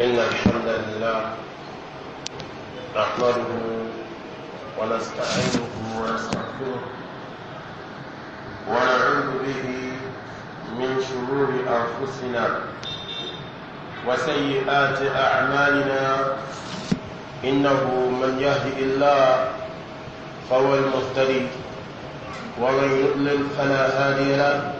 إن الحمد لله نحمده ونستعينه ونستغفره ونعوذ به من شرور أنفسنا وسيئات أعمالنا إنه من يهد الله فهو المهتدي ومن يضلل فلا هادي له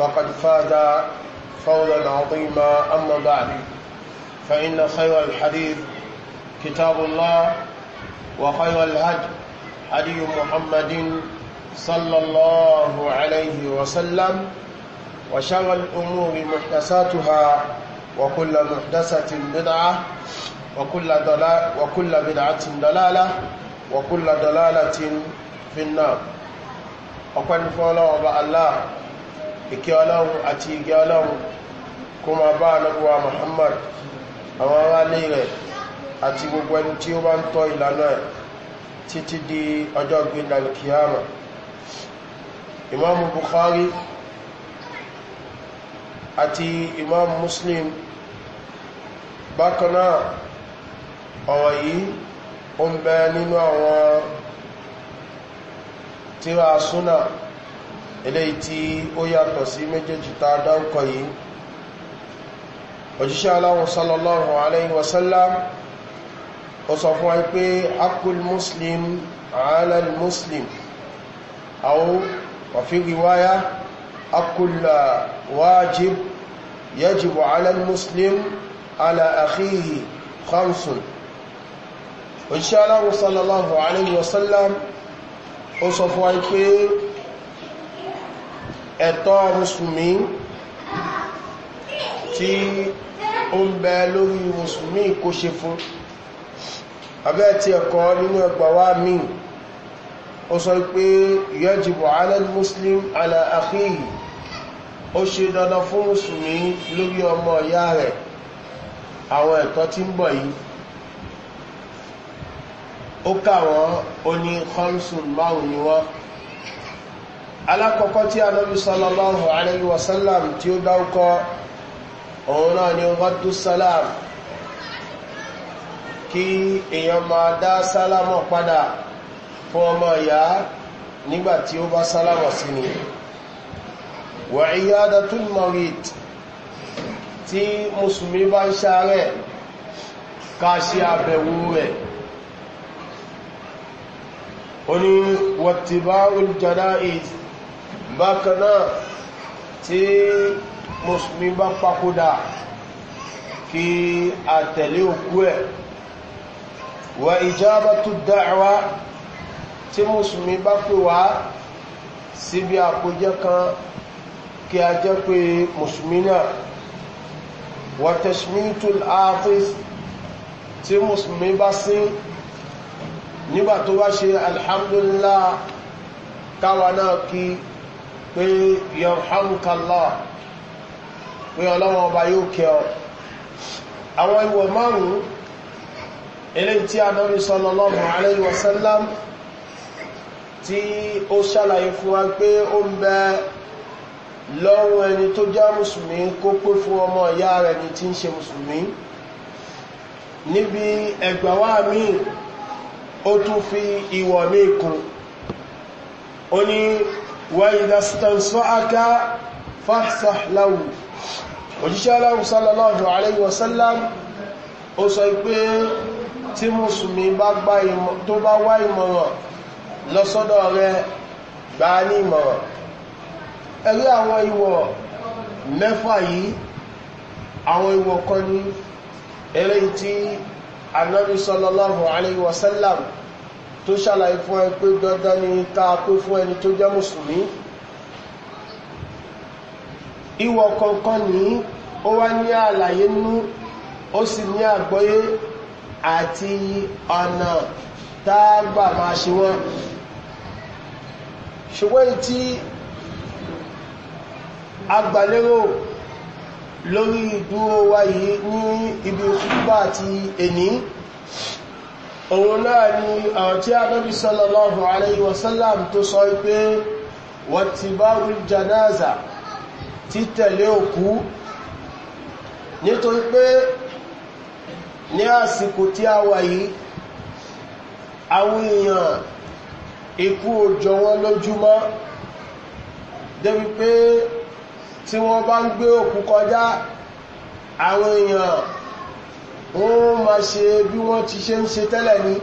فقد فاز فوزا عظيما أما بعد فإن خير الحديث كتاب الله وخير الهدي هدي محمد صلى الله عليه وسلم وشر الأمور محدثاتها وكل محدثة بدعة وكل, دلال وكل بدعة دلالة وكل دلالة في النار أقول فولا وبأ الله ìkẹ́ ọlọ́run àti ìgẹ́ ọlọ́run kó ma bá anábúwa muhammad àwọn aráalé rẹ̀ àti gbogbo ẹni tí ó bá ń tọ́ ìlànà ẹ̀ títí di ọjọ́ gbígbà kìíyàmà imam bukhari àti imam muslim bákanáà ọ̀rọ̀ yìí ó ń bẹ nínú àwọn tíra súnà eléyìí tí ó yàtọ̀ sí méjèèjì tá a dáńkọ yìí òjíṣẹ́ aláwọ̀ sallallahu alayhi wa sallam ó sọ fún wa pé akul muslim alal muslim àwọn wàfíri wáyá akul wájib yajibu alal muslim ala akhihi khamsun òjíṣẹ́ aláwọ̀ sallallahu alayhi wa ó sọ fún wa pé ẹ̀tọ́ musulmi tí ó ń bẹ lórí musulmi kó ṣe fún abẹ́ ti ẹ̀kọ́ nínú ẹgbàwà míì ó sọ pé yẹ́jìbò alẹ́d muslim aláàkíyì ó ṣe dandan fún musulmi lórí ọmọ ìyá rẹ̀ àwọn ẹ̀tọ́ tí ń bọ̀ yìí ó kà wọ́n khamsun márùn-ún ni wọ́n alákọ̀ọ́kọ́ tí anábi sallallahu alayhi wa sallam tí ó dáúkọ́ òun náà ni rọ́dú salam kí èèyàn máa dá sálámọ̀ padà fún ọmọ ìyá nígbàtí ó bá sálámọ̀ sí ni wà ìyádá tún marit tí musulmi bá ń ṣàárẹ̀ ká àbẹ̀wò rẹ̀ oní wàtíbá olùjọ́dá èdè bákan náà tí mùsùlùmí bá papòdà kí a tẹ̀lé òkú ẹ̀ wà ìjábá tó dáẹ̀wá tí mùsùlùmí bá pè wá síbi àkójẹ́ kan kí a jẹ́ pé mùsùlùmí náà wà tẹ̀sùmítù ààfis tí mùsùlùmí bá sí nígbà tó bá ṣe alhamdulillah káwa náà kí pé yọ̀hánkàlá pé ọlọ́wọ́ ọba yóò kẹ ọ àwọn ìwọ̀ márùn-ún ilé tí a náà sọ́lọ́lọ́mù aléwọ̀sánlám tí ó ṣàlàyé fún wa pé ó ń bẹ lọ́rùn ẹni tó já musulmi kó pé fún ọmọ ìyá rẹ̀ ni tí ń ṣe musulmi níbi ẹgbàwà míì ó tún fi ìwọ̀ míì kún ó ní وإذا استنصعك فافسح له òjíṣẹ́ aláhùn sallallahu alayhi wa sallam ó sọ pé tí mùsùlùmí tó bá wá ìmọ̀ràn lọ́sọ́dọ̀ rẹ gbà ní ìmọ̀ràn ẹ̀rí àwọn ìwọ̀ mẹ́fà yìí àwọn ìwọ̀ kan ní eré tí anábi sallallahu alayhi wa sallam tó ṣàlàyé fún ẹ pé dandan ni ká pé fún ẹni tó jẹ́ mùsùlùmí ìwọ̀ kọ̀ọ̀kan ní ó wá ní àlàyé nú ó sì ní àgbọ́yé àti ọ̀nà tágbà máa ṣe wọ́n ṣùgbọ́n tí agbàlérò lórí ìdúró wa yìí ní ibi òkúgbà àti èní òun náà ni àwọn tí a nọ́bí sọ́lọ́lọ́hùn aláyí wasallam tó sọ pé wọ́n ti bá rú janaza títẹ̀lé òkú nítorí pé ní àsìkò tí a wà yìí àwọn èèyàn ikú òjò wọn lójúmọ́ débi pé tí wọ́n bá ń gbé òkú kọjá àwọn èèyàn wọ́n ma ṣe bí wọ́n ti ṣe ń ṣe tẹ́lẹ̀ ni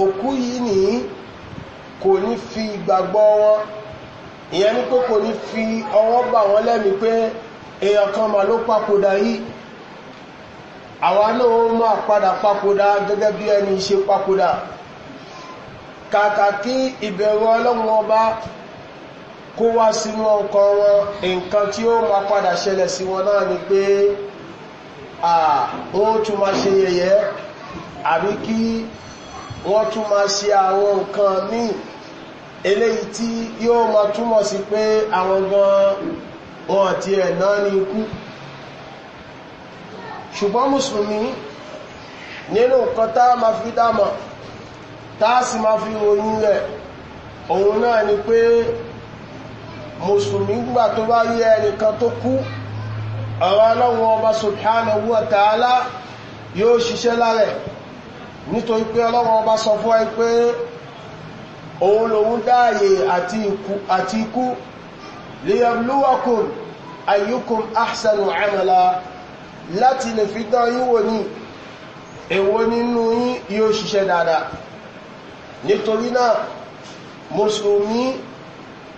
òkú yìí ní kò ní fi ìgbàgbọ́ wọn ìyẹn ní pé kò ní fi ọwọ́ bà wọ́n lẹ́mi pé èèyàn kan mà ló papòdà yìí àwa náà máa padà papòdà gẹ́gẹ́ bí ẹni ṣe papòdà kàkà kí ìbẹ̀rù ọlọ́run ọba kó wá sínú ọkọ̀ wọn nǹkan tí ó máa padà ṣẹlẹ̀ sí wọn náà ni pé ó tún máa ṣe yẹyẹ àbí kí wọ́n tún máa ṣe àwọn nǹkan míì eléyìí tí yóò máa túmọ̀ sí pé àwọn gan wọn àti ẹ̀ náà ní ikú ṣùgbọ́n mùsùlùmí nínú nǹkan tá ma fi dámọ̀ táà sì ma fi ròyìn rẹ̀ òun náà ni pé mùsùlùmí gbà tó bá rí ẹnìkan tó kú ọ̀rọ̀ aláwọ̀ ọba subhanahu wa ta'ala yóò ṣiṣẹ́ lárẹ̀ nítorí pé ọlọ́wọ̀ ọba sọ fún ẹ pé òun lòun dáàyè àti ikú liyabluwakum ayyukum ahsanu amala láti lè fi dán yíwò ní èwo nínú yín yóò ṣiṣẹ́ dáadáa nítorí náà mùsùlùmí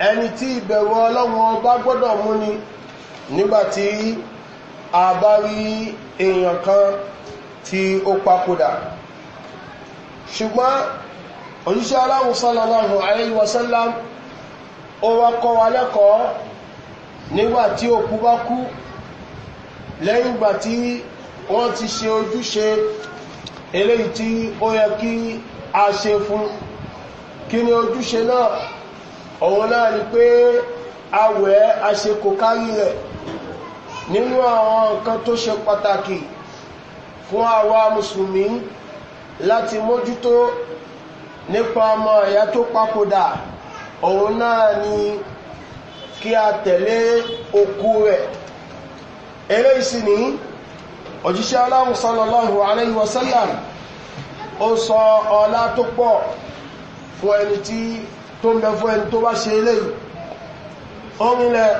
ẹni tí ìbẹ̀rù ọlọ́wọ̀ ọba gbọ́dọ̀ mú ni nígbàtí a bá rí èèyàn kan tí ó papòdà ṣùgbọ́n òjíṣẹ́ aláhùn sálàláhùn àríwọ̀sánlá ó wá kọ́ wa lẹ́kọ̀ọ́ nígbàtí òkú bá kú lẹ́yìn ìgbà tí wọ́n ti ṣe ojúṣe eléyìí tí ó yẹ kí a ṣe fún kí ni ojúṣe náà òun náà ni pé awẹ́ aṣekò kárí rẹ̀ nínú àwọn nǹkan tó ṣe pàtàkì fún àwa mùsùlùmí láti mójútó nípa ọmọ ẹ̀yà tó papòdà òun náà ni kí a tẹ̀lé okú rẹ̀ eré ìsìn ní òjíṣẹ́ aláhùnsánlọ́lọ́hùn aláìwọ̀sánlọ́m ó sọ ọlá tó pọ̀ fún ẹni tí tó ń bẹ fún ẹni tó bá ṣe eléyìí ó nílẹ̀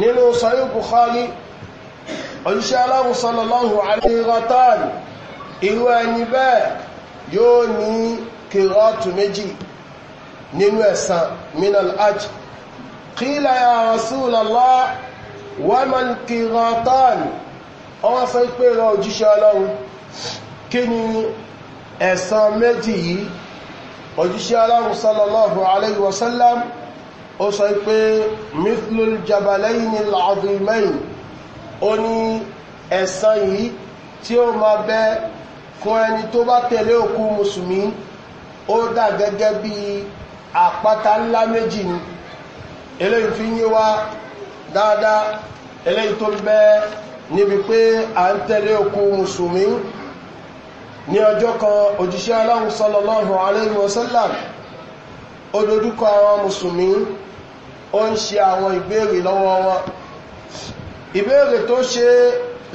nínú sọ́yí bukhari oníṣẹ́ aláhùn sallallahu alaihiratán irú ẹni bẹ́ẹ̀ yóò ní kìrọ́tù méjì nínú ẹ̀sàn minal ajj kíla ya rasulallah wọ́n kìrọ́tán ọwọ́n fẹ́ pé rọ òjíṣẹ́ ọlọ́run kí ni ẹ̀sàn méjì yìí òjíṣẹ́ aláhùn sallallahu ó sọ pé mithlul jabalayni al-azimayn ó ní ẹ̀san yìí tí ó máa bẹ fún ẹni tó bá tẹ̀lé òkú mùsùlùmí ó dà gẹ́gẹ́ bí àpáta ńlá méjì ni eléyìí fi ń yé wa dáadáa eléyìí tó bẹ níbi pé à ń tẹ̀lé òkú mùsùlùmí ní ọjọ́ kan òjíṣẹ́ aláhùn sọlọ́lọ́hùn aláìwọ̀sálà ó àwọn mùsùlùmí ó ń ṣe àwọn ìbéèrè lọ́wọ́ wọn ìbéèrè tó ṣe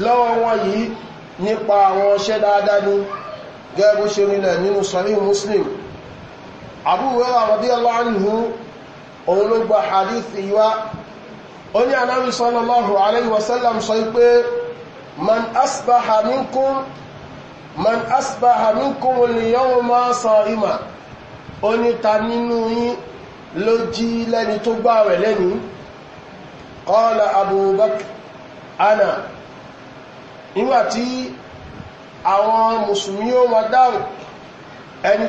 lọ́wọ́ wọn yìí nípa àwọn ṣẹ́ dáadáa ní gẹ́gbó ṣe rílẹ̀ nínú sọ́rí muslim àbúrò àwọ̀dí ọlọ́rìnhú òun ló gba hadithi yíwá ó ní anábi sọ́lọ́lọ́hù aláìwọ̀sálàm sọ pé man asbaha ló jí lẹ́ni tó gbá rẹ̀ lẹ́ni kọ́ọ̀lá abubakar ana nígbàtí àwọn musulmi ó ma dáhùn ẹni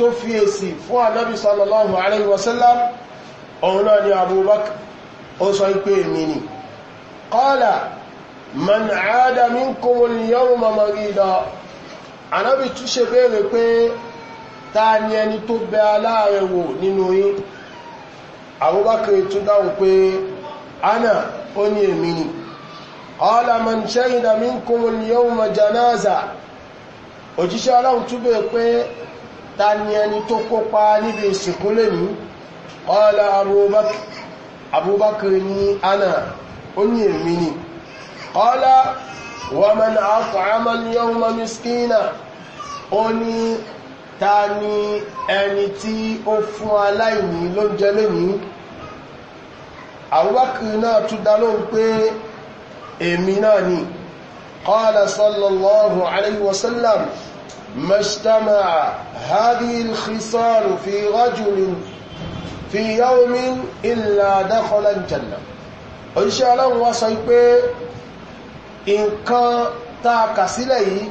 tó fi èsì fún anábi sallallahu alaihi wasallam òun náà ni abubakar ó sọ ipé èmì ni kọ́ọ̀lá man àádámin kòmòlì yọ́rùn mamari lọ anábi túnṣe bèèrè pé ta ni ẹni tó bẹ aláàrẹ wò nínú yín àwọ́bákiri tún dáhùn pé ana ó ní èmi ni ọlámọ̀n ṣẹ́yìnà mi ń kún ní yóò mọ̀ janaza òjíṣẹ́ aláhùn túbẹ̀ pé ta ni ẹni tó kópa níbi ìsìnkú lèmi ọlá abúbákiri ní ana ó ní èmi ni ọlá wọ́n mọ̀ ní àfọ̀ àmọ́ ní yóò mọ̀ miskina ó ní ta ni ẹni tí ó fún aláìní ló ń jẹ lónìí àwúbákìrì náà tún dá lóhùn pé èmi náà ni qala sallallahu alayhi wa sallam mastama'a hadhihi al-khisal fi rajulin fi yawmin illa dakhala janna òṣìṣẹ́ ọlọ́run wá sọ pé nǹkan tá kà sílẹ̀ yìí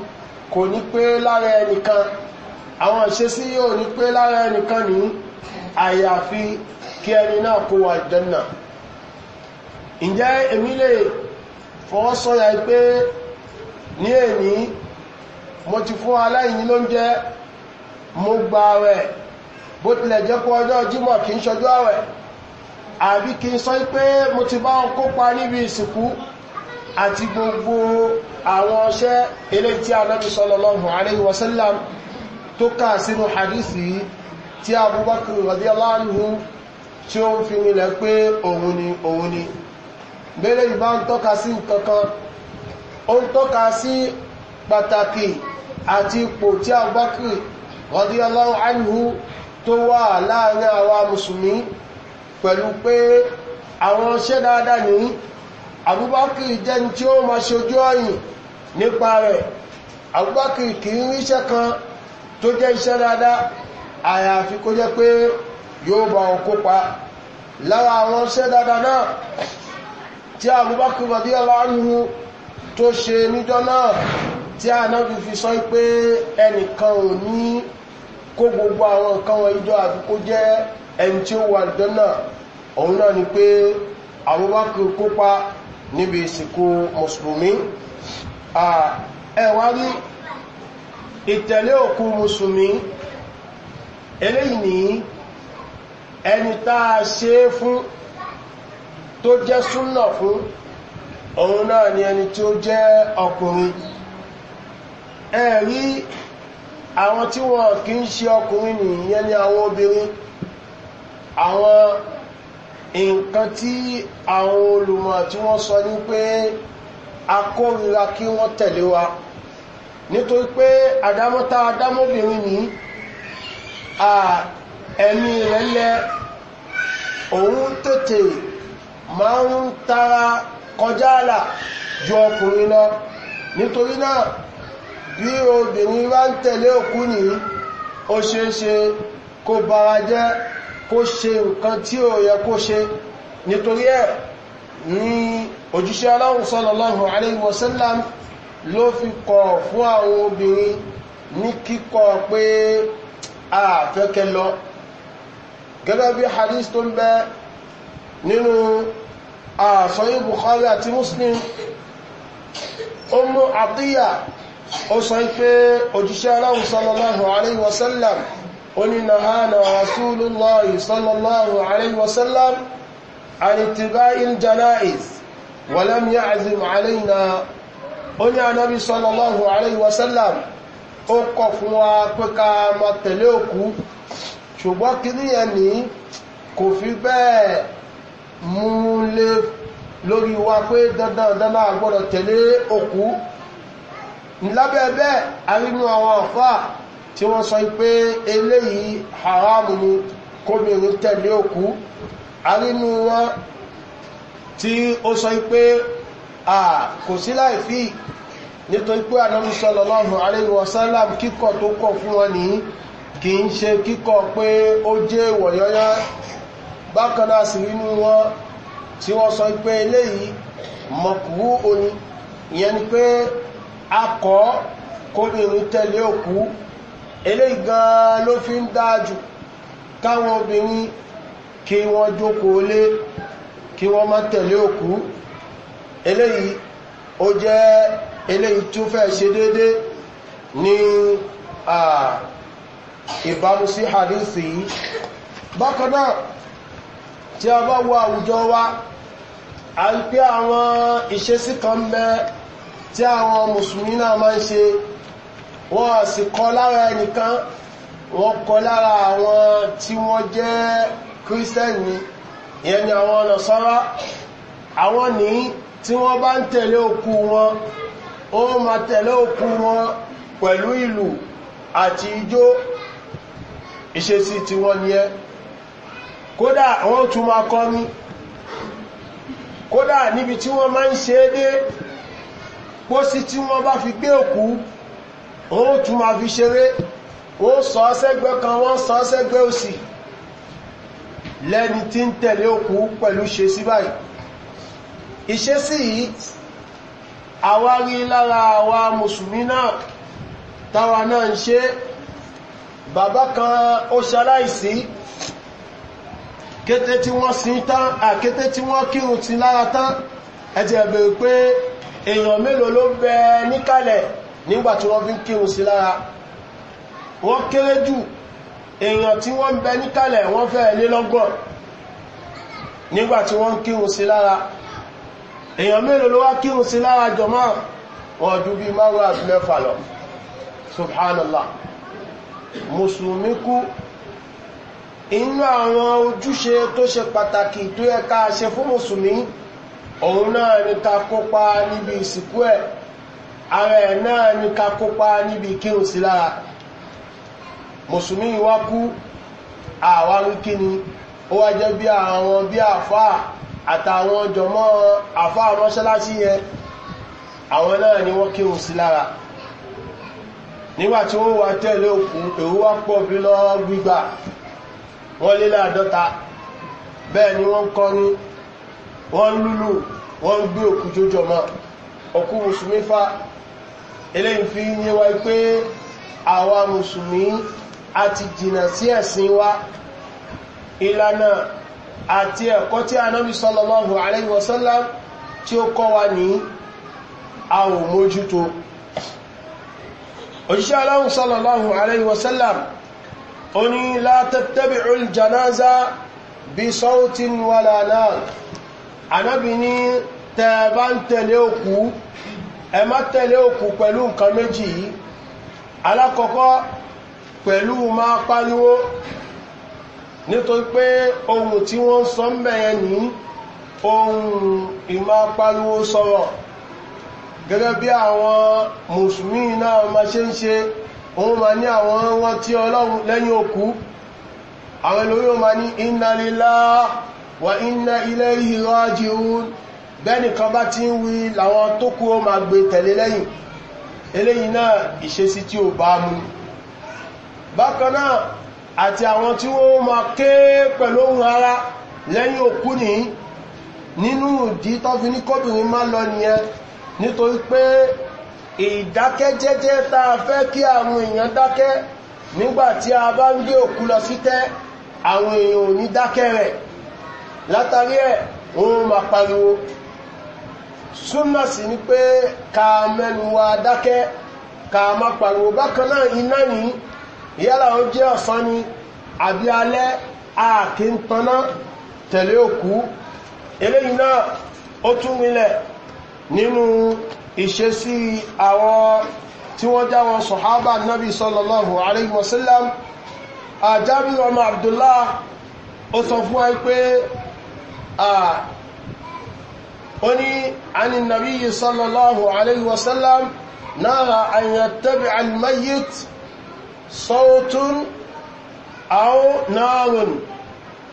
kò ní pé lára ẹnìkan àwọn ìṣesí yóò ní pé lára ẹnìkan ní àyàfi kí ẹni náà kó wà ìdẹ́nà ǹjẹ́ èmi lè fọwọ́ sọ́yà pé ní èní mo ti fún aláìní ló ń jẹ́ mo gba rẹ̀ bó tilẹ̀ jẹ́ kó ọjọ́ jímọ̀ kí ń ṣọjọ́ rẹ̀ àbí kí ń sọ pé mo ti bá wọn kópa níbi ìsìnkú àti gbogbo àwọn ọṣẹ́ eléyìí tí anábì sọlọ́lọ́hùn aláìwọ̀sẹ́lẹ̀mù tó kà sínú hadisi tí abubakar radiyallahu anhu tí ó ń fi rinlẹ̀ pé òun ni òun ni ìbá ń tọ́ka sí kankan ó ń tọ́ka sí pàtàkì àti ipò tí abubakar radiyallahu anhu tó wà láàrin àwa musulmi. pẹ̀lú pé àwọn dáadáa ní abubakar tí ó ma ṣojú ọ̀yìn nípa rẹ̀ abubakar ríṣẹ́ kan tó jẹ́ iṣẹ́ dáadáa àyàfi kó jẹ́ pé yóò bá wọn kópa lára àwọn iṣẹ́ dáadáa náà tí Abubakar radiyallahu anhu tó ṣe níjọ́ náà tí anábi fi sọ pé ẹnìkan ò ní kó gbogbo àwọn nǹkan wọn ìjọ àfi kó jẹ́ ẹni tí ó wà níjọ́ náà òun náà ni pé Abubakar kópa níbi ìsìnkú mùsùlùmí ẹ̀wá ní ìtẹ̀lé òkú musulmi eléyìn ní ẹni táa ṣe fún tó jẹ́ súnnà fún òun náà ni ẹni tí ó jẹ́ ọkùnrin ẹ̀rí àwọn tí wọ́n kí ń ṣe ọkùnrin nìyẹn ni àwọn obìnrin àwọn nǹkan tí àwọn olùmọ̀ tí wọ́n sọ ní pé akórira kí wọ́n tẹ̀lé wa. Awa, nítorí pé àdámọ́ta àdámọ́bìnrin ní ẹ̀mí rẹ̀ lẹ òun tètè máa ń tara kọjá àlà ju ọkùnrin lọ nítorí náà bí obìnrin bá ń tẹ̀lé òkú ní ó ṣe é ṣe kó bara jẹ́ kó ṣe nǹkan tí ó yẹ kó ṣe nítorí ẹ̀ ní òjíṣẹ́ aláhùn sọ́lọ́lọ́hùn ló fi kọ̀ fún àwọn obìnrin ní kíkọ pé àfẹ́kẹ́ lọ gẹ́gẹ́ bí hadith tó ń bẹ nínú àṣọ́yí bukhari àti muslim ó mú àtíyà ó sọ pé òjíṣẹ́ aláhùn sallallahu alaihi wasallam onínàhánà rasulullahi sallallahu alaihi wasallam àrítìbá il janaiz wàlẹ́m yá àzìm alaihi onye anabi sọlọ́lọ́hù aláyhi wasallam ó kọ̀ fún wa pé ká ma tẹ̀lé òkú ṣùgbọ́n kìí yẹn n'i kò fi bẹ́ẹ̀ mú lórí wa pé dandan dandan tẹ̀lé òkú lábẹ́ arínú àwọn àfá tí sọ pé eléyìí ni wọn tí ó sọ kò sí láì fi nítorí pé ànábì sọlọ́lọ́rùn aléyìn wọ́sánlám kíkọ̀ tó kọ̀ fún wọn ní kì í ṣe kíkọ̀ pé ó jẹ́ wọ̀nyọ́yá bákanáà sì nínú wọn tí wọ́n sọ pé eléyìí mọ̀kúrú oní ìyẹn ni pé akọ́ kóbìnrin tẹ̀lé òkú eléyìí gan ló fi ń dájú káwọn obìnrin kí wọ́n jókòó lé kí wọ́n má tẹ̀lé òkú eléyìí ó jẹ́ eléyìí tó fẹ́ ṣe dédé ní ìbámu sí hadithi yìí bákanáà tí a bá wo àwùjọ wa a ń pé àwọn ìṣesí kan bẹ tí àwọn mùsùlùmí náà máa ń ṣe wọ́n sì kọ́ lára ẹnìkan wọ́n kọ́ lára àwọn tí wọ́n jẹ́ kírísítẹ́nì ìyẹn ni àwọn ọ̀nà sọ́rọ́ àwọn nìí tí wọ́n bá ń tẹ̀lé òkú wọn ó ma tẹ̀lé òkú wọn pẹ̀lú ìlú àti ijó ìṣesí tí wọ́n ní ẹ́ kódà wọ́n tún ma kọ́ ní kódà níbi tí wọ́n máa ń ṣe é dé pósí tí wọ́n bá fi gbé òkú wọ́n tún ma fi ṣeré wọ́n sọ sẹ́gbẹ́ kan wọ́n sọ sẹ́gbẹ́ òsì lẹ́ni tí ń tẹ̀lé òkú pẹ̀lú ṣe sí báyìí ìṣesí yìí àwárí lára àwa mùsùlùmí náà táwa náà ń ṣe bàbá kan ó ṣaláìsí kété tí wọ́n sin tán àkété tí wọ́n kírun ti lára tán ẹ̀jẹ̀ bèèrè pé èèyàn mélòó ló bẹ níkàlẹ̀ nígbà tí wọ́n fi ń kírun sí lára wọ́n kéré jù èèyàn tí wọ́n bẹ níkàlẹ̀ wọ́n fẹ́ lé lọ́gbọ̀n nígbà wọ́n ń sí lára èèyàn mélòó ló wá kírun sí lára jọmọ́ ọdún bíi márùn àti mẹ́fà lọ subhanallah mùsùlùmí kú inú àwọn ojúṣe tó ṣe pàtàkì tó yẹ ká ṣe fún mùsùlùmí òun náà ni ká kópa níbi ìsìnkú ẹ̀ ara ẹ̀ náà ni ká kópa níbi kírun sí lára mùsùlùmí wá kú àwọn kí ni ó wá jẹ́ bí àwọn bí àfáà àtàwọn jọmọ́ àfá mọ́ṣálásí yẹn àwọn náà ni wọ́n kírun sí lára nígbàtí wọ́n wà tẹ́lẹ̀ òkú èrú wá pọ̀ bí lọ gbígbà wọ́n lé láàdọ́ta bẹ́ẹ̀ ni wọ́n kọ́ ní wọ́n lúlù wọ́n gbé òkú jójọ mọ́ òkú mùsùlùmí fa eléyìn fi yé wa pé àwa mùsùlùmí a ti jìnà sí ẹ̀sìn wa ìlànà àti ẹ̀kọ́ tí anábi sallallahu alayhi wa sallam tí ó kọ́ wa ní àwọn mójútó òṣìṣẹ́ aláhùn sallallahu alayhi wa sallam ó ní la tattabi'ul janaza bí sawtin wala naa anábi ní tẹ́ẹ̀bá ń tẹ̀lé òkú nítorí pé ohun tí wọ́n sọ ń bẹ̀yẹn ní ohun ìmọ̀ pariwo sọ̀rọ̀ gẹ́gẹ́ bí àwọn mùsùlùmí náà ma ṣe ń ṣe òun ma ní àwọn wọn tí ọlọ́run lẹ́yìn òkú àwọn olóyìn ma ní iná wà iná ilẹ̀ ìhìrọ̀ jíun bẹ́nìkan bá ti ń wí làwọn tó kú ma gbé tẹ̀lé lẹ́yìn eléyìn náà ìṣesí tí ó bá mú bákan náà àti àwọn tí wọ́n ma ké pẹ̀lú ohun ara lẹ́yìn òkú ní nínú ìdí tó fi ní kóbìnrin má lọ nìyẹn nítorí pé ìdákẹ́jẹ́jẹ́ tá a fẹ́ kí àwọn èèyàn dákẹ́ nígbàtí a bá ń gbé òkú lọ sí tẹ́ àwọn èèyàn ò ní dákẹ́ rẹ̀ látàrí ẹ̀ òun ma pariwo súnmọ̀ sí ni pé ká mẹ́nu wa dákẹ́ ká má pariwo bákan náà iná yìí yálà ó jẹ́ ọ̀sán ni àbí alẹ́ ààkí ń taná tẹ̀lé òkú eléyìn náà ó tún rinlẹ̀ nínú ìṣesí àwọn tí wọ́n já wọn sọ̀hábà nábi sọ́lọ́lọ́hù aléwọ̀sílám àjábí ọmọ àbdùlá ó sọ fún ẹ pé ó ní àní nàbí sọ́lọ́lọ́hù aléwọ̀sílám náà àyàn tẹ́bí sọ́ọ̀tún àwọn náàrùn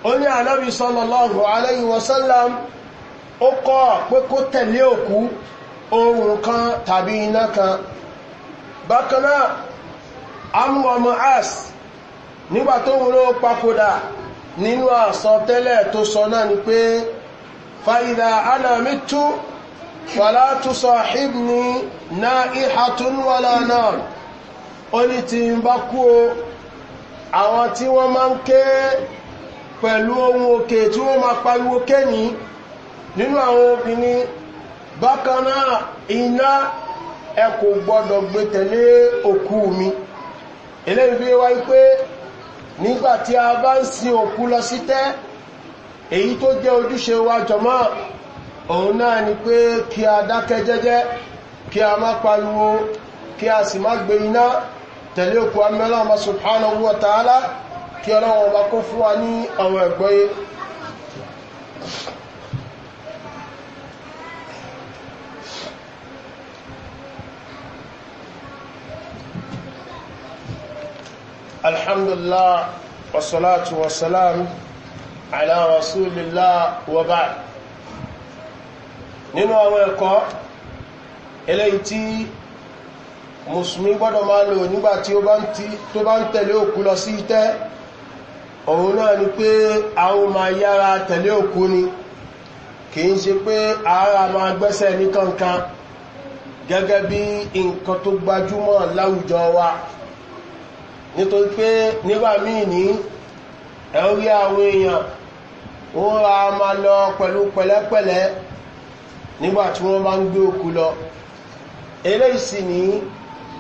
ó ní ànábì sallallahu alayhi wa sallam ó kọ́ pé kó tẹ̀lé òkú ohun kan tàbí iná kan bákanáà amúwàmù as nígbà tó wúlò papòdà nínú àsọ tẹ́lẹ̀ tó sọ náà ni pé fàídà anàmítú wàlátúsọ̀ ìbìnrin náà ìhàtún wàlá náà ó ní tí ń bá o àwọn tí wọ́n máa ń ké pẹ̀lú ohun òkè tí wọ́n máa pariwo kẹ́yìn nínú àwọn obìnrin bákan náà iná ẹ kò gbọ́dọ̀ gbé tẹ̀lé òkú mi eléyìí fi wáyé pé nígbàtí a bá ń sin òkú lọ sí tẹ́ èyí tó jẹ́ ojúṣe wa jọmọ́ òun náà ni pé kí a dákẹ́ jẹ́jẹ́ kí a má pariwo kí a sì má gbé iná tẹ̀lé òkú amẹ́lọ́mà subhanahu wa ta'ala kí ọlọ́wọ́ bá kó fún wa ní àwọn ẹ̀gbọ́yé alhamdulillah wasalatu wasalam ala rasulillah nínú àwọn ẹ̀kọ́ eléyìí tí musulmi gbọ́dọ̀ máa lò nígbà tí ó bá ń tẹ̀lé òkú lọ sí ìtẹ́ òun náà ni pé àwọn máa yára tẹ̀lé òkú ni kì í ṣe pé ara máa gbẹ́sẹ̀ ní kankan gẹ́gẹ́ bí nǹkan tó gbajúmọ̀ láwùjọ wa nítorí pé nígbà míì ní ẹ̀rí àwọn èèyàn wọ́n ra máa lọ pẹ̀lú pẹ̀lẹ́pẹ̀lẹ́ nígbà tí wọ́n bá ń gbé òkú lọ eléyìí sì ní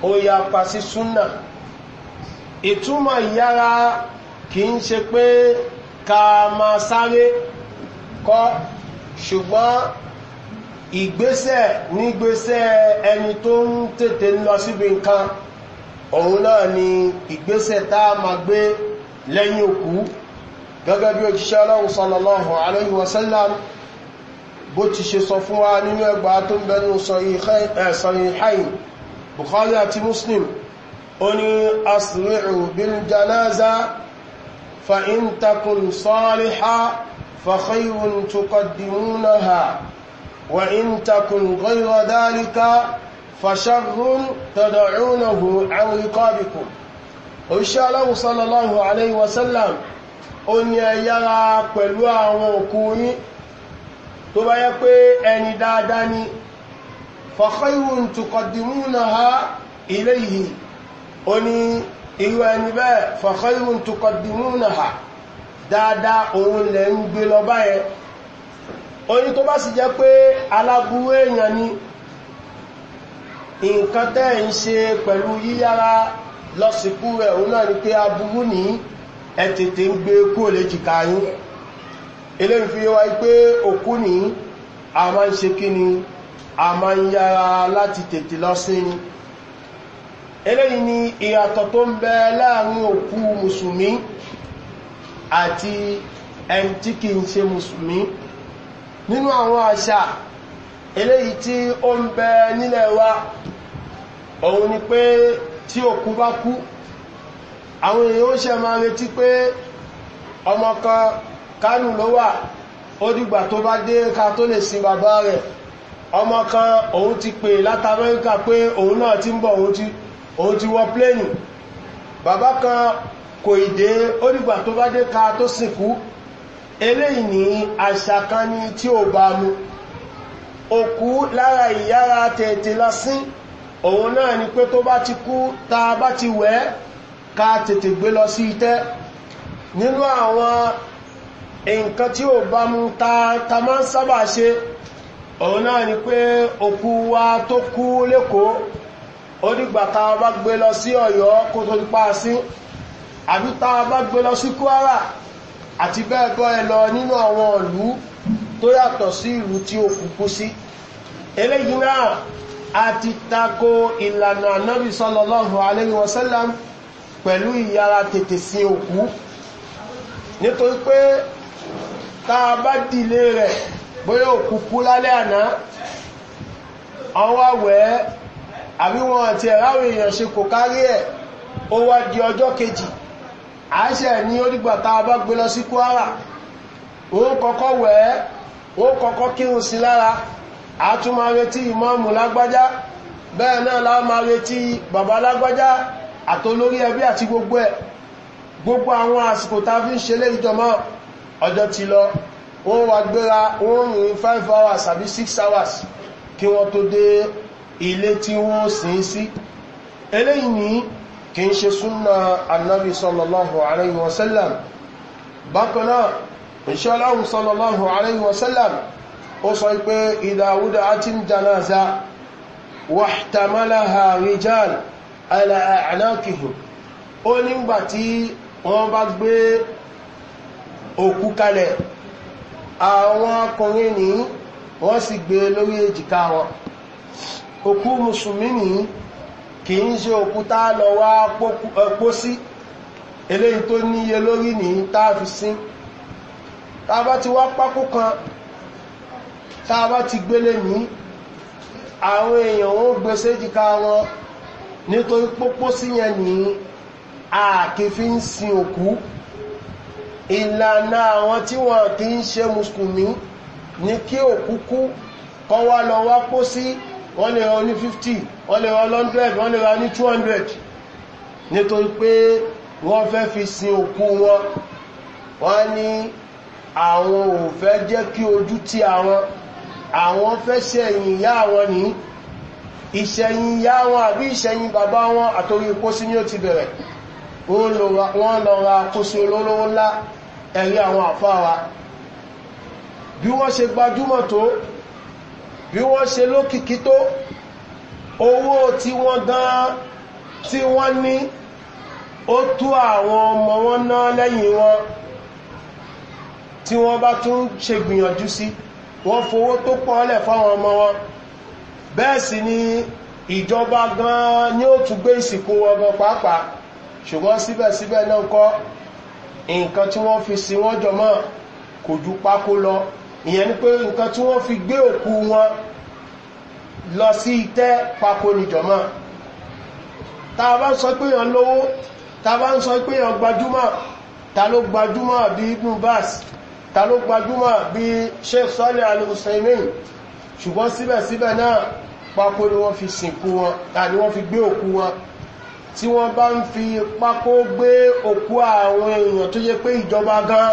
ó yapa sí súnà ìtumọ̀ ìyára kì ń ṣe pé ká máa sáré kọ́ ṣùgbọ́n ìgbésẹ̀ nígbésẹ̀ ẹni tó ń tètè lọ síbi nǹkan òun náà ni ìgbésẹ̀ tá a máa gbé lẹ́yìn òkú gẹ́gẹ́ bí òjíṣẹ́ ọlọ́run sọlọ́lọ́hùn aláìwọ̀sẹ́lám bó ti ṣe sọ fún wa nínú ẹgbàá tó ń bẹnu sọ ìhàìn bukhari àti muslim ó ní asìrìrù bin janaza fa'in takun sọ́ríhá fàkhairun tukaddimunaha wa in takun ghayra dhalika fasharrun tad'unahu an riqabikum òṣìṣẹ́ aláwọ̀ sallallahu alaihi wasallam ó ní ẹ̀yára pẹ̀lú àwọn òkú tó bá pé ẹni dáadáa ni fọ̀kọ́yìn tukọ̀dìmúnaha iléyìí o ní irú ẹni bẹ́ẹ̀ fọ̀kọ́yìn tukọ̀dìmúnaha dáadáa òun lẹ ń gbé lọ báyẹn o ní tó bá sì jẹ́ pé aláburú èèyàn ni nǹkan tẹ́ ń ṣe pẹ̀lú yíyára lọ́sìkú rẹ̀ òun náà ni pé aburú ní ẹ ń gbé kó lè jìkà yín eléyìí fi wáyé pé òkú ní a máa ń ṣe kí ni a ma ń yára láti tètè lọ sí ni eléyìí ni ìyàtọ̀ tó ń bẹ láàrin òkú musulmi àti ẹni tí kì ń ṣe musulmi nínú àwọn àṣà eléyìí tí ó ń bẹ nílẹ̀ wa òun ni pé tí òkú bá kú àwọn èèyàn ó ṣe máa retí pé ọmọ kan kánù ló wà ó dìgbà tó bá dé ká tó lè sin bàbá rẹ̀ ọmọ kan òun ti pè láti amẹ́ríkà pé òun náà ti ń bọ̀ òun ti wọ pléènì bàbá kan kò ìdé ó dìgbà tó bá dé ka tó sìnkú eléyìí ní àṣà kan ní tí ò bá mu òkú lára ìyára tẹ̀tẹ̀ lásín òun náà ni pé tó bá ti kú ta bá ti wẹ́ ká tètè gbé lọ sí itẹ́ nínú àwọn nǹkan tí ò bá mu ta ta máa ń sábà ṣe òun náà ni pé òkú wa tó kú lẹ́kọ̀ọ́ ó dìgbà tá a bá gbé lọ sí ọ̀yọ́ kó tó ti sí àbí tá a bá gbé lọ sí kwara àti bẹ́ẹ̀ gọ́ ẹ lọ nínú àwọn ìlú tó yàtọ̀ sí ìlú tí òkú kú sí eléyìí náà a ti tako ìlànà anábì sọlọ́lọ́hùn aléyìn wọ́sẹ́lám pẹ̀lú ìyára tètè sí òkú nítorí pé tá a bá dìlé rẹ̀ bóyá òkú kú lálẹ́ àná ọwọ́ wẹ́ àbí wọn àti ẹ̀ráwọ̀ èèyàn ṣe kò kárí ẹ̀ ó wá di ọjọ́ kejì àṣẹ ní onígbà tá a bá gbé lọ sí kwara ó kọ́kọ́ wẹ́ ó kọ́kọ́ kírun sí lára a tún máa retí ìmọ́ọ̀mù lágbájá bẹ́ẹ̀ náà láà retí bàbá lágbájá àtolórí ẹbí àti gbogbo ẹ̀ gbogbo àwọn àsìkò tá fi ń ṣe lé ìjọmọ́ ọjọ́ ti lọ wọ́n wá gbéra wọ́n rìn 5 hours àbí 6 hours kí wọ́n tó dé ilé tí wọ́n sin sí eléyìn ní kí n ṣe súnmọ́ annabi sallallahu alayhi wasallam bákanáà ìṣọ́láhù sallallahu alayhi wasallam ó sọ pé ìdáwúdá àti janaza wàhtàmálàhà rijal ala'anakihu ó nígbàtí wọ́n bá gbé òkú kalẹ̀ àwọn ọkùnrin ní wọ́n sì gbé lórí èjìká wọn òkú mùsùlùmí ní kì í ṣe òkúta lọ wá pó sí eléyìí tó níye lórí ní táàfi sí tàbá ti wá pákó kan tàbá ti gbélé ní àwọn èèyàn ó gbé séjìká wọn nítorí pópó sí yẹn ní àkèfí ń sin òkú ìlànà àwọn tí wọ́n kì ń ṣe mùsùlùmí ní kí òkúkú kọ́ wá lọ wá pó sí wọ́n lè rán ní 50 wọ́n lè rán 100 wọ́n lè rán ní 200 nítorí pé wọ́n fẹ́ fi sin òkú wọn wọ́n ní àwọn ò jẹ́ kí ojú tí àwọn àwọn fẹ́ ṣẹ̀yìn ìyá àwọn ní ìṣẹ̀yìn ìyá wọn àbí ìṣẹ̀yìn bàbá wọn àtorí pósí ní ó ti bẹ̀rẹ̀ wọ́n lọ ra kóso olówó ńlá ẹ̀rí àwọn àfáwa bí wọ́n ṣe gbajúmọ̀ tó bí wọ́n ṣe lókìkí tó owó tí wọ́n gan tí wọ́n ní ó tó àwọn ọmọ wọn náà lẹ́yìn wọn tí wọ́n bá tún ṣe gbìyànjú sí wọ́n fowó tó pọ́ọ́lẹ̀ fáwọn ọmọ wọn bẹ́ẹ̀ sì ni ìjọba gan ni ó tún gbé ìsìnkú wọn gan pàápàá ṣùgbọ́n síbẹ̀síbẹ̀ náà kọ́ nǹkan tí wọ́n fi sí wọ́n jọmọ́ kò ju pákó lọ ìyẹn ni pé nǹkan tí wọ́n fi gbé òkú wọn lọ sí itẹ́ pákó nìjọmọ́ ta bá ń sọ pé yàn lówó ta bá ń sọ pé yàn gbajúmọ̀ ta ló gbajúmọ̀ bí ibn bas ta ló gbajúmọ̀ bí sheikh sọ́lẹ̀ al-hussein ṣùgbọ́n síbẹ̀síbẹ̀ náà pákó ni wọ́n fi sìnkú wọn ta ni wọ́n fi gbé òkú wọn tí wọ́n bá ń fi pákó gbé òkú àwọn èèyàn tó yẹ pé ìjọba gan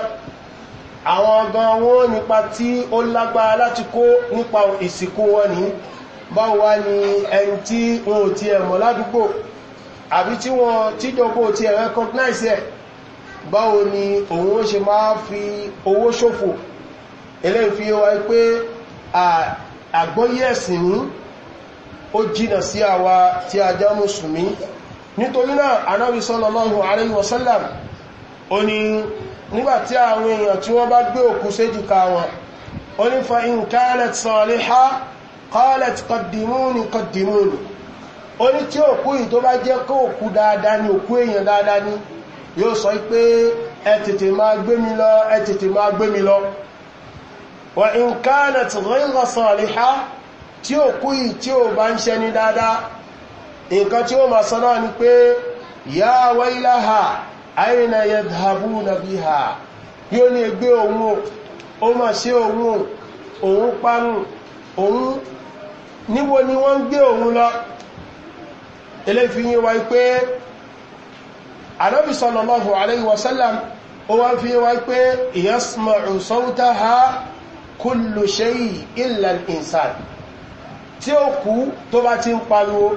àwọn gan wọ́n nípa tí ó lágbára láti kó nípa ìsìnkú wọn ní báwo wá ni ẹni tí wọn ò ti ẹ̀mọ̀ ládùúgbò àbí tí wọn tíjọba ò ti ẹ̀ recognize ẹ̀ báwo ni òun ó ṣe máa fi owó ṣòfò eléyìí fi wáyé pé àgbọ́yé ẹ̀sìn ní ó jìnà sí àwa tí a já nítorí náà anábi sọ́lọ́lọ́hù àríwọ̀sọ́làm o ni nígbàtí àwọn èèyàn tí wọ́n bá gbé òkú séjì ká wọn o ní fa in kálẹ̀t sọ̀rọ̀ ha kálẹ̀t kọ̀dìmúnì kọ̀dìmúnì o ní tí òkú yìí tó bá jẹ́ kó òkú dáadáa ní òkú èèyàn dáadáa nǹkan tí ó ma sọ náà ni pé ya wailaha aina yadhhabuna biha yóò ní ẹgbẹ́ òun ó ma ṣe òun òun panu òun níwo ni wọ́n gbé òun lọ eléfihìn wa pé anábì sallallahu alayhi wa sallam wá fi wá pé ìyásmọ̀rún tí ó kú tó bá ti ń pariwo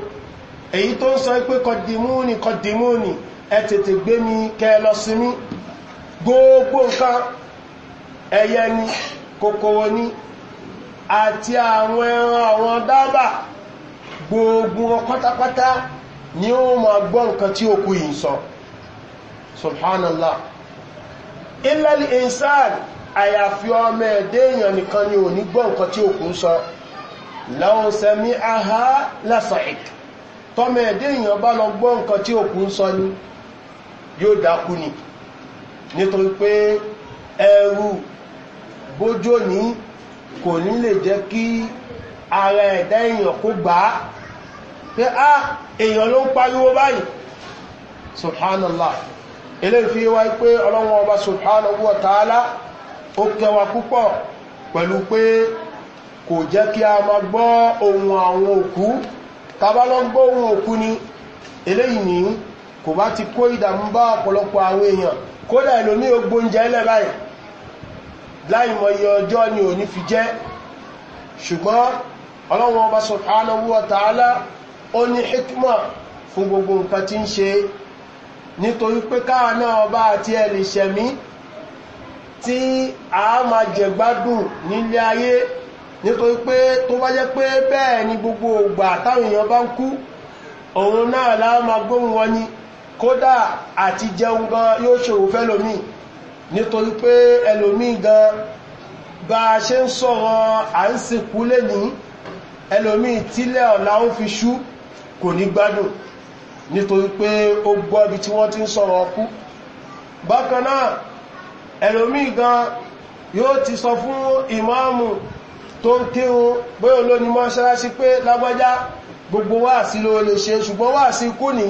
èyí tó ń sọ pé kọdìmúni kọdìmúni ẹ tètè gbé mi kẹ lọ sí mi gbogbo nǹkan ẹyẹ ni kòkòrò ni àti àwọn ẹran àwọn dábà gbogbo wọn pátápátá ni ó ma gbọ́ nǹkan tí ó kú yìí sọ subhanallah ilẹ̀lì insan àyàfi ọmọ ẹ̀dẹ́ èèyàn nìkan ni ò ní gbọ́ nǹkan tí ó kú sọ lọ́wọ́ sẹ́mi aha lásàíkì tọ́mọ ẹ̀dẹ́ èèyàn bá lọ gbọ́ nǹkan tí òkú ń sọ ní yóò dákú ni nítorí pé ẹrù bójó ní kò ní lè jẹ́ kí ara ẹ̀dá èèyàn kó gbà á pé á èèyàn ló ń pariwo báyìí subhanallah ilé fi wá pé ọlọ́wọ́n ọba subhanahu wa ó kẹwa púpọ̀ pẹ̀lú pé kò jẹ́ kí a máa gbọ́ ohun àwọn òkú tàbá lọ gbọ́ ohun òkú ni eléyìí ní kò bá ti kó ìdàmú bá ọ̀pọ̀lọpọ̀ àwọn èèyàn kódà ìlòmí ogbó oúnjẹ ilẹ̀ báyìí láìmọ̀ iye ọjọ́ ni ò ní fi jẹ́ ṣùgbọ́n ọlọ́run ọba sọ̀tánàwó ọ̀tàálá hikma fún gbogbo nǹkan tí ń ṣe nítorí pé káà náà nítorí pé tó bá jẹ́ pé bẹ́ẹ̀ ni gbogbo ògbà táwọn èèyàn bá ń kú òun náà láàmà gbóhùn wọn ni kódà àti jẹun gan yóò ṣòro fẹ́lòmí nítorí pé ẹlòmí gan bá a ṣe ń sọ̀rọ̀ à ń sìnkú lè ní ẹlòmí tílẹ̀ ọ̀la ń fi ṣú kò ní gbádùn nítorí pé ó gbọ́ ibi tí wọ́n ti ń sọ̀rọ̀ ọkú bákan náà ẹlòmí gan yóò ti sọ fún ìmáàmù tó ń kírun bóyá ló ní mọ́ṣáláṣí pé lágbájá gbogbo wá sí ló lè ṣe ṣùgbọ́n wá sí kú ní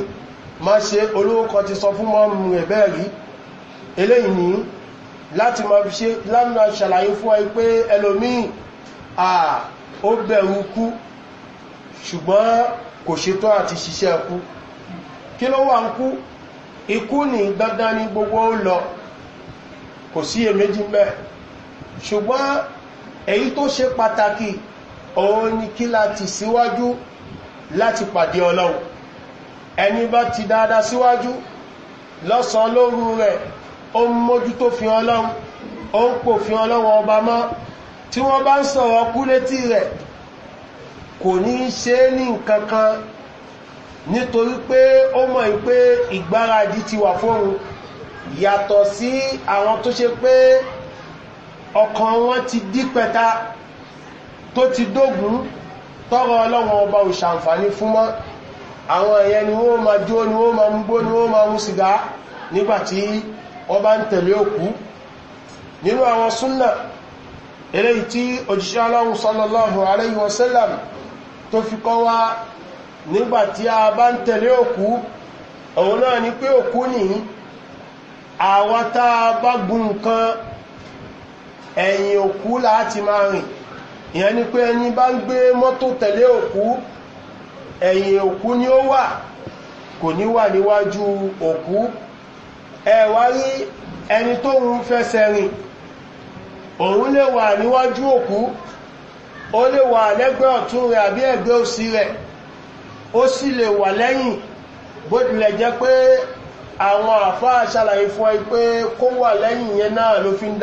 ma ṣe olóòkọ ti sọ fún mọ́mù rẹ̀ bẹ́ẹ̀ rí eléyìí ní láti ma fi ṣe lánà ṣàlàyé fún ọ pé ẹlòmíì à ó bẹ̀rù èyí tó ṣe pàtàkì òun ni kí láti síwájú láti pàdé ọlọ́run ẹni bá ti dáadáa síwájú lọ́sàn lóru rẹ̀ ó ń mójú tó fi ọlọ́run ó ń pò fi ọlọ́run ọba mọ́ tí wọ́n bá ń sọ̀rọ̀ kú rẹ̀ kò ní ṣe ní nkankan nítorí pé ó mọ̀ pé ìgbáradì ti wà fóun yàtọ̀ sí àwọn tó ṣe pé ọkàn wọn ti dí tó ti dógún tọ́rọ ọlọ́wọ̀n ọba òṣàǹfàní fún mọ́ àwọn ẹ̀yẹ ni ó ma jó ni ó ma ń ni ó ma ń sìgá nígbàtí ọba ń tẹ̀lé òkú nínú àwọn súnnà eléyìí tí òjíṣẹ́ tó fi kọ́ wá nígbàtí a bá ń tẹ̀lé òkú òun náà ni ẹ̀yìn òkú láti máa rìn ìyẹn ni pé ẹni bá ń gbé mọ́tò tẹ̀lé òkú ẹ̀yìn òkú ni ó wà kò ní wà níwájú òkú ẹ̀wà rí ẹni tó ń fẹsẹ̀ rìn òun lè wà níwájú òkú ó lè wà lẹ́gbẹ́ ọ̀tún rẹ̀ àbí ẹ̀gbẹ́ òsì rẹ̀ ó sì lè wà lẹ́yìn jẹ́ pé àwọn àfáà ṣàlàyé fún ẹ pé kó fi ń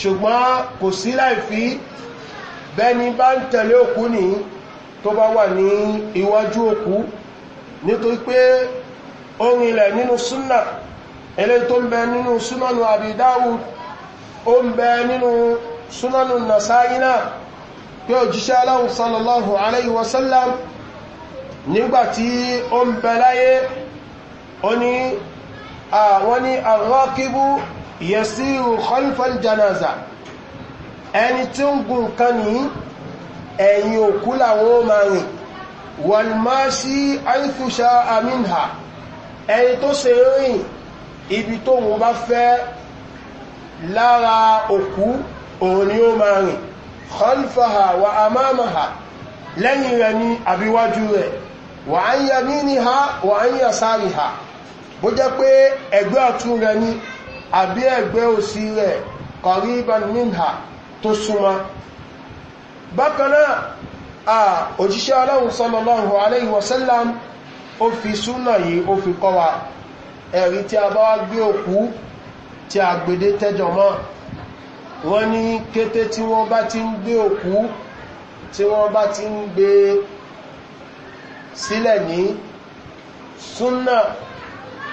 ṣùgbọ́n kò sí láìfí bẹ́ni bá ń tẹ̀lé òkú ní tó bá wà ní iwájú òkú nítorí pé ó rìnlẹ̀ nínú súnà ilé tó ń bẹ nínú súnànù àbídáwù ó ń bẹ nínú súnànù nasáyínà pé òjíṣẹ́ aláhùn sallallahu wasallam nígbàtí ó ń bẹ láyé ó ní àwọn ní yẹ̀síru khalfal janaza ẹni tí ń gùn kan ní ẹ̀yìn òkú làwọn ó máa rìn wọ́n máa sí àìfúṣà àmìnà ẹni tó se rìn ibi tó wọ́n bá fẹ́ lára òkú òun ni ó máa rìn khalfaha wa amámaha lẹ́yìn rẹ̀ ní àbíwájú rẹ̀ wà á ń yà mí ní ha wà á ń yà sáàrì ha bó jẹ́ pé ẹgbẹ́ ọ̀tún rẹ̀ ní àbí ẹ̀gbẹ́ òsì rẹ̀ kọ̀rí ibanminha tó súnmọ́ bákanáà à òjíṣẹ́ aláhùn sọ́lọ́lọ́hùn aléyìn wọ́sẹ́lám ó fi súnà yìí ó fi kọ́ ẹ̀rí tí a bá wá gbé òkú tí a gbèdé tẹ́jọ mọ́ wọ́n ní kété tí wọ́n bá ti ń gbé òkú tí wọ́n bá ti ń gbé sílẹ̀ ní súnà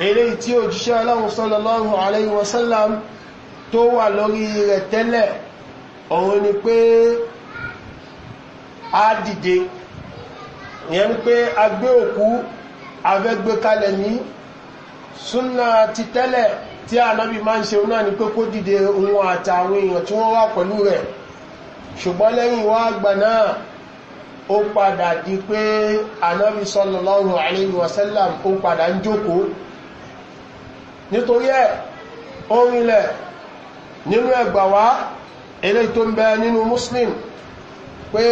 eléyìí tí òjíṣẹ́ aláwọ̀ sọ́lọ́lọ́rùn aláyí wasálàm tó wà lórí rẹ̀ tẹ́lẹ̀ ọ̀run ni pé a dìde ni pé a gbé òkú afẹ́gbé kalẹ̀ ní súnà ti tẹ́lẹ̀ tí anabi máa ń ṣe náà ni pé kó dìde òun àtàwọn èèyàn tí wọ́n wà pẹ̀lú rẹ̀ ṣùgbọ́n lẹ́yìn wá àgbà náà ó padà di pé ànábì sọ́lọ́lọ́rùn ó padà ń jókòó nítorí ẹ̀ orinlẹ̀ nínú ẹgbàwá eléyìí tó ń bẹ nínú muslim pé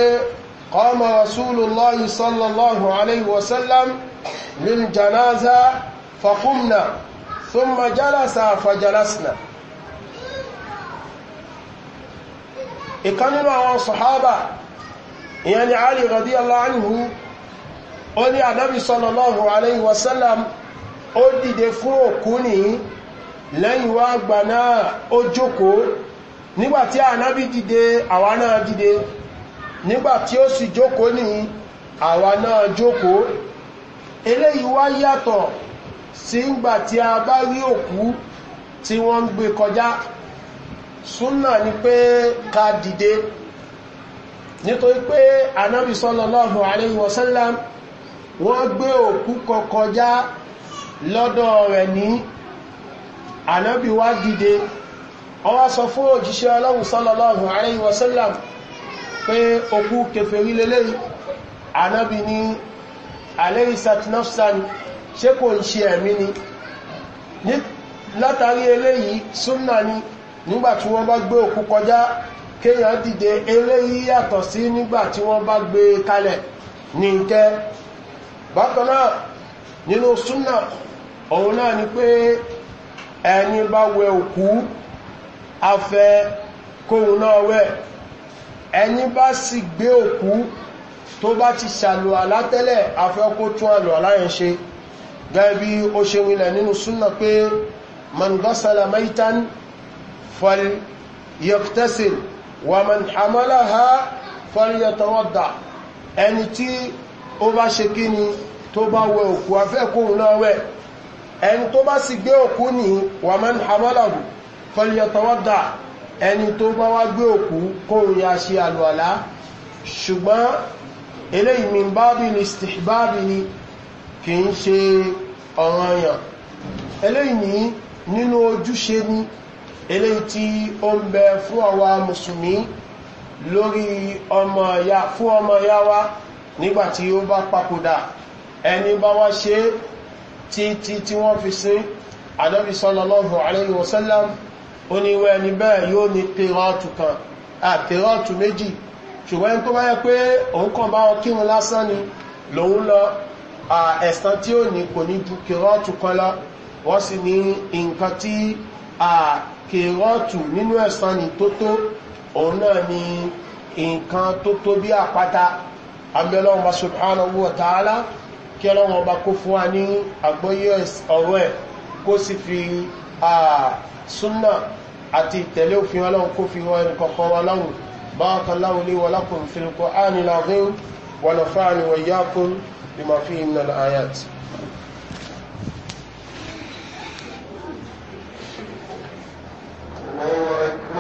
kọ́mọ rasulullahi sallallahu alaihi wasallam lil janaza fakumna thumma jalasa fajalasna ìkan nínú àwọn sọ̀hábà ìyẹn ni ali radiyallahu anhu ó ní ànábì sallallahu alaihi wasallam ó dìde fún òkú ní lẹ́yìn wá gbà náà ó nígbàtí ànábí dìde àwa náà dìde nígbàtí ó sì jókòó ní àwa náà jókòó eléyìí wá yàtọ̀ sí ngbàtí a bá rí òkú tí wọ́n ń gbé kọjá súnà ni pé ká dìde nítorí pé ànábí sọ́lọ́lọ́hùn àríwọ̀sẹ́lá wọ́n gbé òkú lọ́dọ̀ rẹ̀ ní ànábì dìde ọwá sọ fún òjíṣẹ́ ọlọ́run sọ́lọ́lọ́run alayhi pé okú kẹfẹ̀rí lélẹ̀ ní alayhi satnafsan ṣe kò ṣe ẹ̀mí ni látàrí eléyìí súnnà ni tí wọ́n gbé òkú kọjá dìde eléyìí yàtọ̀ sí wọ́n gbé e kalẹ̀ ní ìtẹ́ bákanáà nínú òun náà ni pé ẹni bá wẹ òkú afẹ́ kóhun náà wẹ̀ ẹni bá sì gbé òkú tó bá ti ṣàlò àlátẹ́lẹ̀ afẹ́ kó tún àlò aláyẹn ṣe gẹ́gẹ́ bí ó ṣe rinlẹ̀ nínú súnà pé mangasala maitan fal yọktẹ́sìn wà man hamala ha fal yọtọwọ́dà ẹni tí ó bá ṣe kí ni tó bá wẹ òkú afẹ́ kóhun náà wẹ̀ ẹni tó bá sì gbé òkú ní wà mọ́ hamalahu fọlíọtọwọ́dà ẹni tó bá wá gbé òkú kóhun ya ṣe àlùwàlá ṣùgbọ́n eléyìí min bábí ni stihbábí ni kì ń ṣe ọ̀ràn èèyàn eléyìí nínú ojúṣe ni eléyìí tí ó ń bẹ fún àwa mùsùlùmí lórí ọmọ ya wa nígbàtí ó bá papòdà ẹni bá wá ṣe títí tí wọ́n fi sí ànábì sọ́lọ́lọ́hùn aláyé wọ́sẹ́lám ó ní ìwẹ́ ẹni bẹ́ẹ̀ yóò ní kírọ́ọ̀tù kan àkírọ́ọ̀tù méjì ṣùgbọ́n tó bá yẹ pé òun kàn bá wọn kírun lásán ni lòun lọ ẹ̀sán tí ó ní kò ní ju kírọ́ọ̀tù kan lọ tó tó bí àpáta abẹ́lọ́wọ́n bá subhanahu wa ta'ala kí ọlọ́run ọba kó fún wa ní àgbọ́yé ọ̀rọ̀ ẹ̀ kó sì fi súnà àti ìtẹ̀lé òfin ọlọ́run kó fi wọ ẹnì kọ̀ọ̀kan wa lọ́rùn bákan láwọn ilé wọn lákòó fi kó áàní láàrin wọn lọ